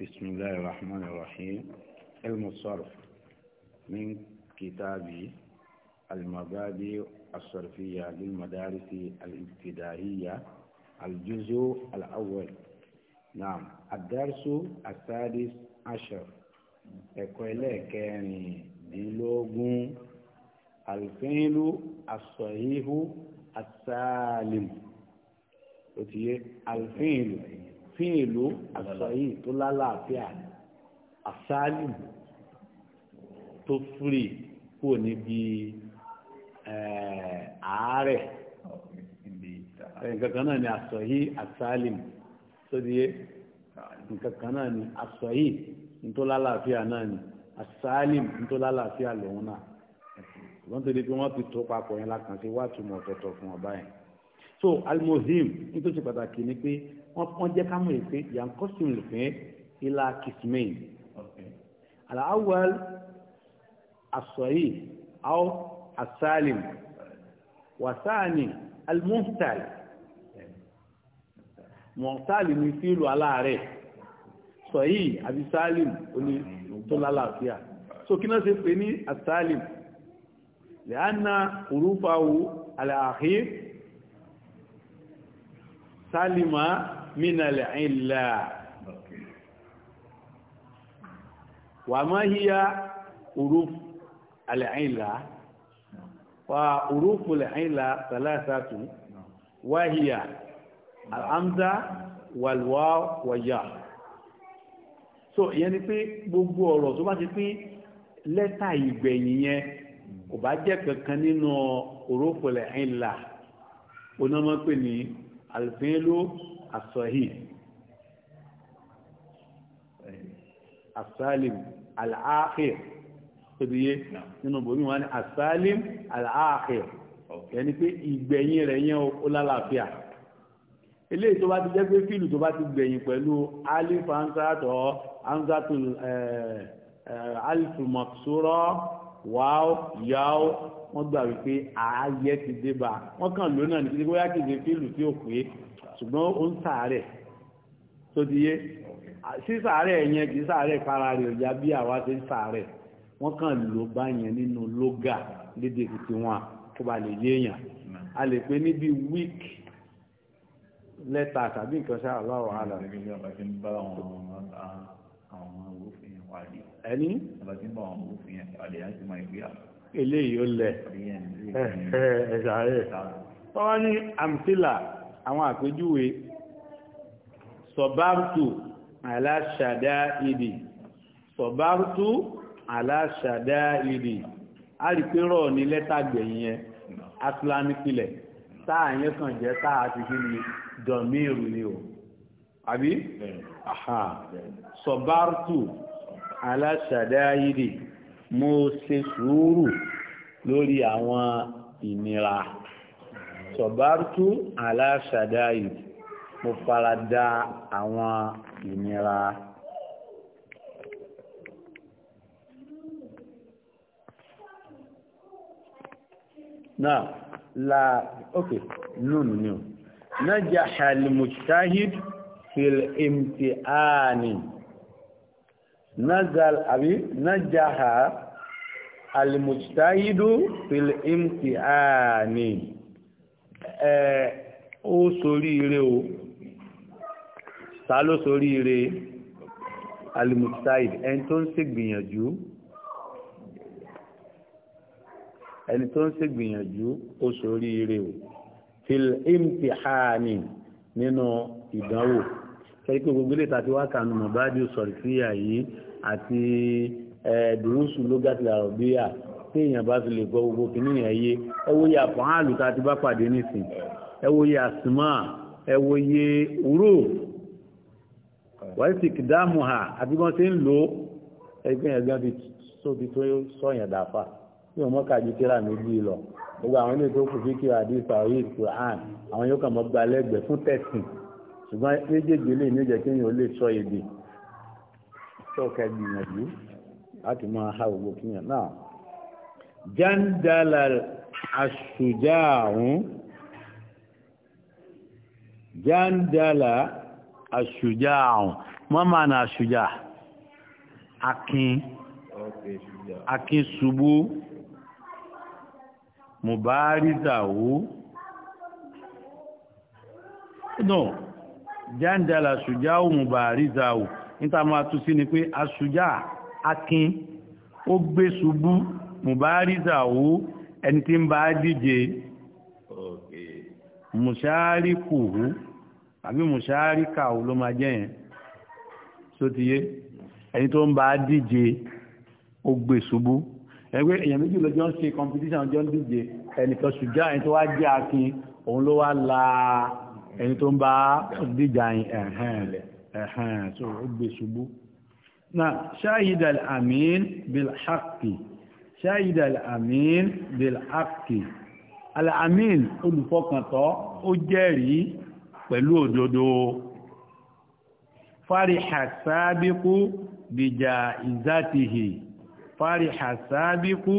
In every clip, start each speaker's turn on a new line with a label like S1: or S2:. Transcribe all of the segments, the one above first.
S1: بسم الله الرحمن الرحيم المصرف من كتاب المبادئ الصرفية للمدارس الابتدائية الجزء الأول نعم الدرس السادس عشر إكويلي كان ديلوغون الفيل الصحيح السالم الفيل fíìlú àsọyìn tó lálàáfíà àsálìm tó fúri kúrò níbi eh, àárẹ̀ nǹkan kan náà ni àsọyìn àsálìm tó di yé nǹkan kan náà ni àsọyìn tó lálàáfíà náà ni àsálìm tó lálàáfíà lòun náà ṣùgbọ́n tó di pé wọ́n ti tó papọ̀ yẹn lákàn sí wàá túmọ̀ ọ̀tọ̀ọ̀tọ̀ fún ọba yẹn so almuhim nítorí ṣe pàtàkì ni pé wọ́n jẹ́ ká mọ̀ yìí pé yàn kọ́sùn lè fẹ́ ilà kìsìmẹ́yìn aláwọ̀l asọ̀yì àwọn asálìm wàsáàni almuhtal mọ̀tálì ni fílù aláàrẹ̀ sọ̀yì àbí sálìm tó lálàáfíà so kí náà ṣe pè ní asálìm lẹ́yìn náà òrùfà wo aláàhír sálìmá mínàlẹ̀ ìlà wà máa híyá òrùfù àlẹ̀ìlà wà òrùfù lẹ̀ìlà tàlásàtù wáhíyà alhamza wàlúwà wàyà so ìyẹn ni pé gbogbo ọ̀rọ̀ tó bá ti pín lẹ́tà ìgbẹ̀yìn yẹn kò bá jẹ́ kankan nínú òrùfù lẹ̀ìlà onámọ́pẹ́ ni alfẹ́lú asọ̀hí asalim al'akhir tóbi yé nínú bòmí wọn ni asalim al'akhir ẹni pé ìgbẹ̀yìn rẹ̀ yẹn ó lálàáfíà eléyìí tó bá ti jẹ́ pé fíìlù tó bá ti gbẹ̀yìn pẹ̀lú alif ansatọ̀ eh, eh, alif maksura wáó yáó wọ́n gbà wípé ààyè ti dé bá wọ́n kàn ló náà nítorí bóyá kìí ṣe fíìlù tí ò pé ṣùgbọ́n ó ń sàárẹ̀ tó ti yé sí sàárẹ̀ yẹn kìí sàárẹ̀ para rẹ̀ ọ̀yá bí àwa ṣe ń sàárẹ̀ wọ́n kàn ló bá yẹn nínú lógà lédè títí wọn kó ba lè yé èèyàn a lè pé níbi week lẹ́tà tàbí nǹkan ṣáà láwọ̀ àlà. àwọn òfin wà ní ẹni. ọlọ́tí bọ̀ ọ̀hún òfin àlè àti mọ ìgbéyà. eléyìí ó lẹ̀ ẹ̀sàárẹ̀. wọ́n wá ní amtila àwọn àpèjúwe sọ̀bárùtù aláṣàdá ìdì sọ̀bárùtù aláṣàdá ìdì a rí pé rọ̀ ní lẹ́tà gbẹ̀yìn yẹn asúlámì pilẹ̀ táà yẹn kàn jẹ́ táà ti fi ní dọ̀míìrù ni o àbí sọ̀bárùtù aláṣàdáyìdì mo ṣe sùúrù lórí àwọn ìnira sọ̀bárútú aláṣàdáyìdì mo fara da àwọn ìnira náà la ok nùnù ni o nájà halimujtahid fil imtihani nazal àbí najaha alimustahidu fil imtihani ẹ ó sórí ire o ta ló sórí ire alimustahid ẹni tó ń ṣe gbìyànjú ẹni tó ń ṣe gbìyànjú ó sórí ire o fil imtihani nínú ìdánwò sẹ́yìn pé gbogbo ilé tàbí wákàánù mọ̀bádìí sọ̀rìfíà yìí àti ẹ̀ẹ́dùrúsù lógàtìlà rọ̀bíà tí èèyàn bá fi lè gbọ́ gbogbo kìíní yẹn yé ẹ wo yẹ àpọ̀n àlù tá a ti bá pàdé nísìn ẹ wo yẹ àsìmọ́ ẹ wo yẹ òró wàá sì kìdáàmù hà àti wọ́n ti ń lò ó ẹgbẹ́ yẹn gbọ́n fi sóbi tó sọ̀yàn dàfà bí wọ́n mọ́ka ju kíra méjì lọ gbogbo àwọn ilé tó kù fíkì àdìsá ṣùgbọ́n méjèèjì lè ní jẹ́ kéèyàn lè sọ èdè tó kẹgbìyànjú láti máa ha ògbó kíyàn náà jandala àṣùjá àrùn jandala àṣùjá àrùn wọ́n máa na àṣùjá akin akin ṣubú mùbárí no jandala ṣùjá mubariza o níta máa tú sí ni pé aṣùjá akin ó gbé ṣubú mubariza o ẹni tí ń bá díje mùsáríkùhù àbí mùsáríkàhù ló máa jẹ́ yẹn sótìyé ẹni tó ń bá díje ó gbé ṣubú ẹgbẹ́ èèyàn méjì lọ́jọ́ ń ṣe competition ọjọ́ ń díje ẹnìkan ṣùjá ẹni tó wá jẹ́ akin òun ló wá la ẹni tó ń bá dìjà ẹ̀hẹ́n ẹ̀hẹ́n tó gbé ṣubú náà ṣáyídà al'amin bilhaki ṣáyídà al'amin bilhaki al'amin olùfọkàntọ́ ó jẹ́rìí pẹ̀lú òdodo fariha sábíkú bìjà ìzátihì fariha sábíkú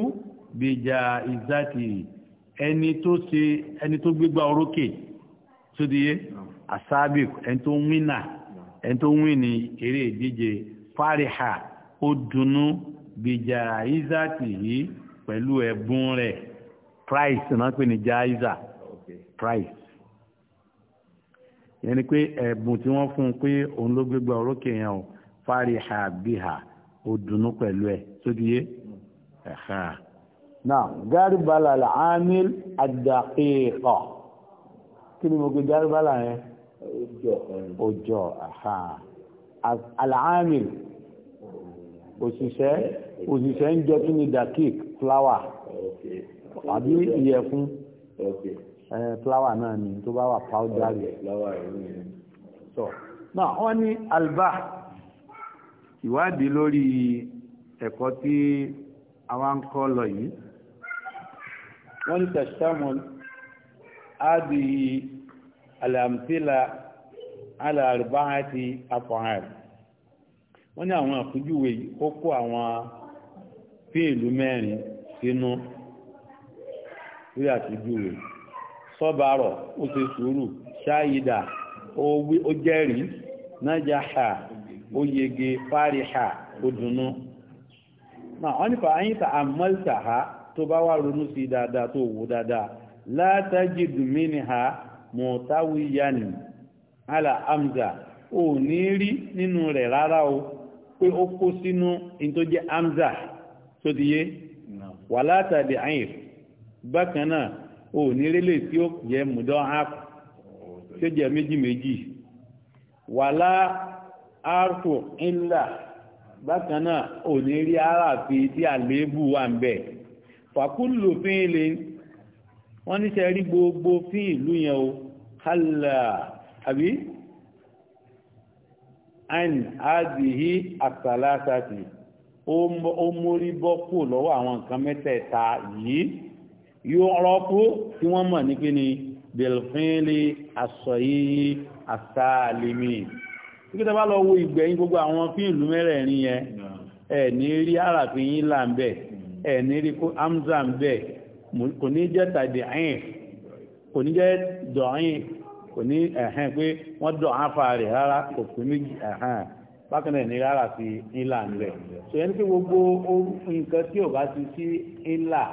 S1: bìjà ìzátihì ẹni tó ṣe orókè tó di yé asabiq ẹni tó wínà ẹni tó wín ní eré ìdíje fariha ó dunnú bìjà ìzàtì yìí pẹ̀lú ẹ̀bùn rẹ̀ price náà pè ní jaiza price yẹn ni pé ẹ̀bùn tí wọ́n fún un pé òun ló gbégbá orókè yẹn o fariha biha ó dunnú pẹ̀lú ẹ̀ tó di yé ẹ̀hán. náà amil adaqiqa kí ni mo gbé járúbálà yẹn òjò àlàámì òṣìṣẹ́ eh, òṣìṣẹ́ ń jọ kí ni dakik flower àbí ìyẹ̀fun eh, flower náà ni tó bá wà powdery so náà wọ́n ní alba ìwádìí lórí ẹ̀kọ́ tí àwọn ń kọ́ lọ yìí wọ́n ní tẹ̀sítámọ́lù هذه الأمثلة على أربعة أفعال wọ́n ní àwọn àpèjúwe ó kó àwọn fíìlú mẹ́rin sínú lórí àpèjúwe sọ́bàárọ̀ ó ṣe sùúrù ṣáyidà ó jẹ́rìí nájàhà ó yege fáríhà ó dùnnú náà wọ́n nípa ayíta àmọ́lítà tó bá wá ronú sí dáadáa tó wò dáadáa látàjìdù mínìhà mọ̀táwíyàní àlà amza ò ní rí nínú rẹ̀ rárá o pé ó kó sínú in tó jẹ́ amza tó ti yé wà látàdì àyìn bákan náà ò ní rélè tí ó jẹ́ mùdọ́ app tí ó jẹ́ méjì méjì wà lá ńlá bákan ò ní rí ara fi tí àléébù wà ń bẹ̀ fàkúlù fínlẹ̀ wọ́n ní sẹ́rí gbogbo fí ìlú yẹn o kálà àbí an adìhí àtàlásàtì ó mórí bọ́ kù lọ́wọ́ àwọn nǹkan mẹ́tẹ̀ẹ̀ta yìí yóò rọ́pù tí wọ́n mọ̀ ní kí ni bilfinli asọ̀yí asálimi kíkítà bá lọ wo ìgbẹ̀yìn gbogbo àwọn fí ìlú mẹ́rẹ̀ẹ̀rin yẹn ẹ̀ ní rí àràfin là ń bẹ̀ mm. ẹ̀ ní rí amza ń bẹ̀ kò ní jẹ́ tàbí ẹ̀yìn kò ní jẹ́ dọ̀yìn kò ní ẹ̀hẹ́n pé wọ́n dọ̀ áfà rẹ̀ rárá kò fún méjì ẹ̀hẹ́n bákan ní rárá sí ńlá ńlẹ̀ so yẹn kí gbogbo nǹkan tí ò bá ti sí ńlá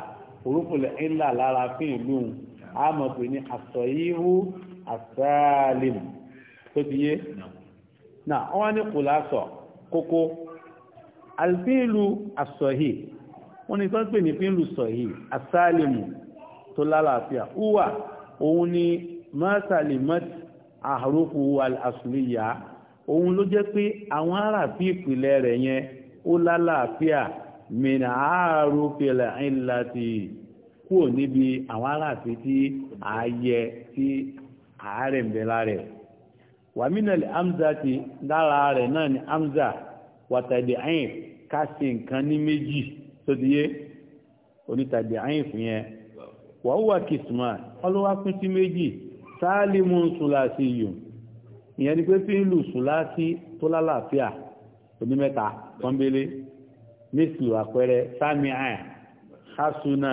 S1: òrùfòlẹ̀ ńlá lára fún ìlú a mọ̀ pé ní àsọyíhú àsáàlìm tó ti yé náà wọ́n ní kò lásọ̀ kókó alfilu àsọyí wọ́n ní sọ́n pè ní pínlù sọ̀hí asálìmù tó lálàáfíà uwa òun ni mọ́sálìmọ́t àrókù alásùlìyà òun ló jẹ́ pé àwọn aráàfin ìpìlẹ̀ rẹ̀ yẹn ó lálàáfíà mìíràn àárúfẹ́lẹ̀ ńlá ti kúrò níbi àwọn aráàfin tí ààyẹ tí ààrẹ ń bẹ lára rẹ̀ wàmínàlì amza ti lára rẹ̀ náà ni amza wàtàdé ayin ká ṣe nǹkan ní méjì Sodiye, onítàbí àyìn fún yẹn wàá wà kìsùmá ọlọ́wà pín sí méjì sáálímù sùláṣí yùn ìyẹn ni pé fíìlù sùláṣí tó lálàáfíà onímẹ́ta meta, nísìlù àpẹẹrẹ sami samia, hasuna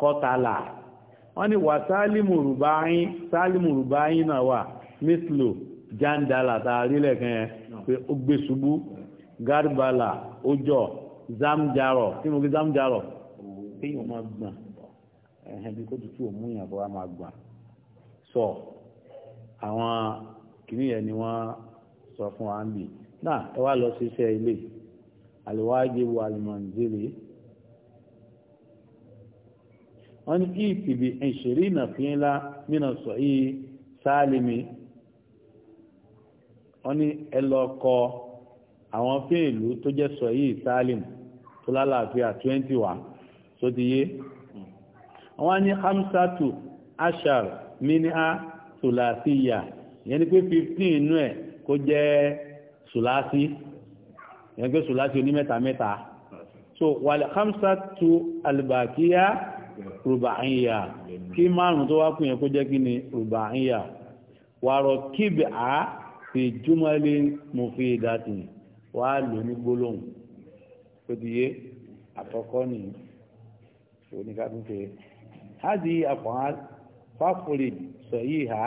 S1: kotala, wọ́n ní wà sáálímù rùbáyín sáálímù rùbáyín náà wà nísìlù jandala tààrí lẹ́kẹ̀ẹ́ pé ó gbé ṣubú garbala ó jọ zamjaro kí mo gbé zamjaro kéèyàn máa gbọ̀n ẹ̀hẹ́n bí kó tutù òmú yàn bọ́ a máa gbọ̀n sọ àwọn kìnìún yẹn ni wọ́n sọ fún wa ń bì náà ẹ wá lọ sí iṣẹ́ ilé àlùwájibù àlùmọ̀ǹdìrì wọ́n ní kí ìtìbí ìṣèrí ìnàfínlá mìíràn sọ yìí sálimi wọ́n ní ẹ lọ kọ àwọn fíìlú tó jẹ́ sọ yìí sálimi tó lálàáfíà twenty one tó ti yé wọ́n ní hamsatu ashar minha sulasiya ya, ni pé fifteen inú ẹ̀ kó jẹ́ sulasi ìyẹn pé sulasi onímẹ́ta mẹ́ta so wàlẹ̀ hamsatu albakiya rubaiya kí márùn tó wá kù yẹn kó jẹ́ kí ni rubaiya wàrọ̀ kíbi a fi júmọ́lé mufidati wàá lò ní gbólóhùn pẹ̀lúyé àkọ́kọ́ ní oníkàtúnṣe hadi àpọ̀hán fáfúrì sọ̀yí ha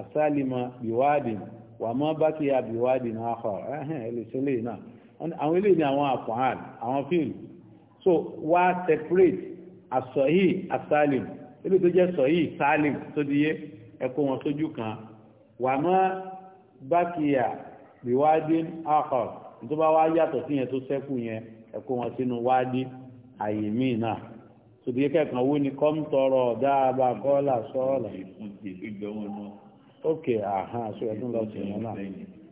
S1: àsálìmọ̀ bíwádìn wà mọ́ bá ti ya bíwádìn àkọ́ ẹ̀hẹ́n ẹlẹ́sẹ̀lẹ̀ na àwọn ilé ní àwọn àpọ̀hán àwọn fíìlì so wa separate àsọ̀yí asalim ilé tó jẹ́ sọ̀yí sálìm tó díyé ẹ̀kọ́ wọn sójú kan wà mọ́ bá ya bíwádìn àkọ́ tó bá wá yàtọ̀ sí yẹn tó sẹ́kù yẹn ẹ kó wọn sínú wádìí àyè míì náà tòbí kẹ́kàn owó ni kọ́ ń tọrọ dáàbà kọ́là sọ́ọ̀là ok ahan so ẹ̀dùn lọ sí ìyẹn náà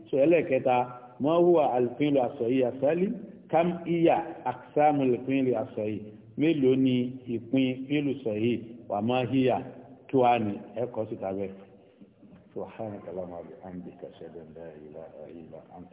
S1: so ẹlẹ́kẹta mọ́ hùwà àlùfínlù àsọ̀yí àsọ́lí kam iya aksamu àlùfínlù àsọ̀yí mélòó ni ìpín fínlù sọ̀yí wà má híyà tó wà ní ẹ̀kọ́ síta bẹ́ẹ̀. سبحانك اللهم وبحمدك اشهد ان لا اله الا انت